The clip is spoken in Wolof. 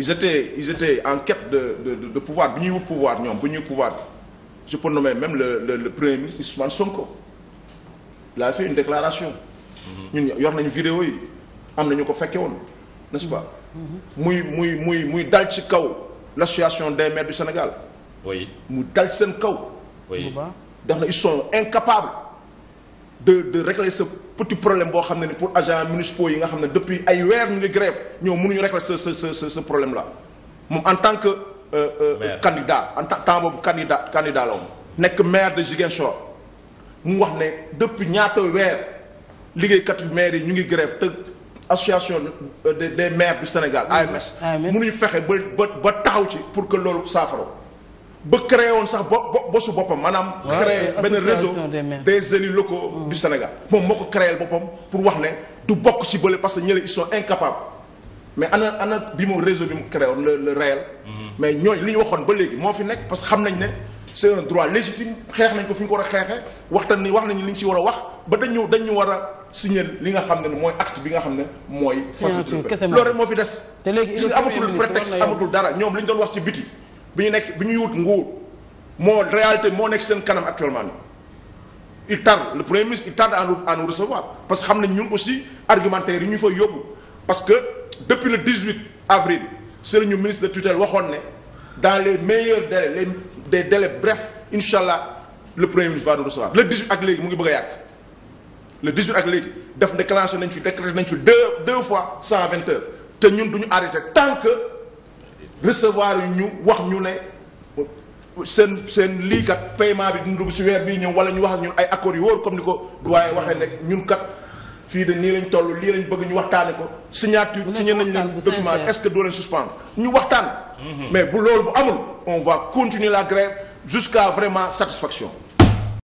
ils étaient ils étaient en quête de de de pouvoir bu ñuy wut pouvoir ñoom bu ñuy pouvoir je peux nommer même le le le premier ministre Ousmane Sonko il a fait une déclaration. Mhm. ñun yor nañu vidéo yi am na ñu ko fekkee woon n'est-ce pas. Mhm. muy muy muy muy dal ci kaw l'association des maires du Sénégal. oui mu dal seen kaw. oui ndax ils sont incapables. de de régler ce petit problème boo xam ne ni pour agents municipaux yi nga xam ne depuis ay weer ñu ngi grève ñoo mënuñu régler ce ce ce ce problème là moom en tant que. Euh, euh, candidat en tant boobu candidat candidat la woon nekk maire de Ziguinchor mu wax ne depuis ñaata weer liggéey yu maire yi ñu ngi grève te association euh, des des maire du Sénégal AMS. AMS mënuñu fexe ba ba ba taxaw ci pour que loolu saafara. ba créé woon sax bo bosu boppam maanaam. créé benn réseau des élus locaux mm. du Sénégal. moom moo ko créé boppam pour wax ne du bokk ci bële parce que ñële ils sont incapables mais ana ana bi mu réseau bi mu créé woon le le réel. Mm-hmm. mais ñooñu li ñu waxoon ba léegi moo fi nekk parce que xam nañ ne. c'est un droit légitime xeex nañ ko fi ñu ko war a xeexee waxtaan ni wax nañu li ñu ci war a wax ba dañu dañu war a signer li nga xam ne mooy acte bi nga xam ne mooy. signature loolu rek moo fi des. te léegi amatul prétexte amatul dara ñoom li ñu doon wax ci biti. bi ñu nekk bi ñuy wut nguur moo réalité moo nekk seen kanam actuellement nii il tarde le premier ministre il tarde à nous parce que xam nañ ñun aussi argumentaire yi ñu fa yóbbu parce que depuis le huit avril seen ñu ministre de tutelle waxoon ne dans les meilleurs délais les des délais brefs incha allah le premier ministre va nous recevoir le 18 ak léegi mu ngi bëgg a yàgg le 18 ak léegi def déclenché nañ fi décrété nañ fi de deux fois 120 heures te ñun du ñu tant que. recevoir ñu wax ñu ne seen seen lii kat paiement bi dina dugg si weer bii ñëw wala ñu wax ak ñun ay accords yu comme ni ko waaye waxee ne ñun kat fii de nii lañ toll lii lañ bëgg ñu waxtaane ko signature signé nañ leen document est-ce que doo leen suspendre ñu waxtaan mhm. mais bu loolu bu amul on va continuer la grève jusqu'à vraiment satisfaction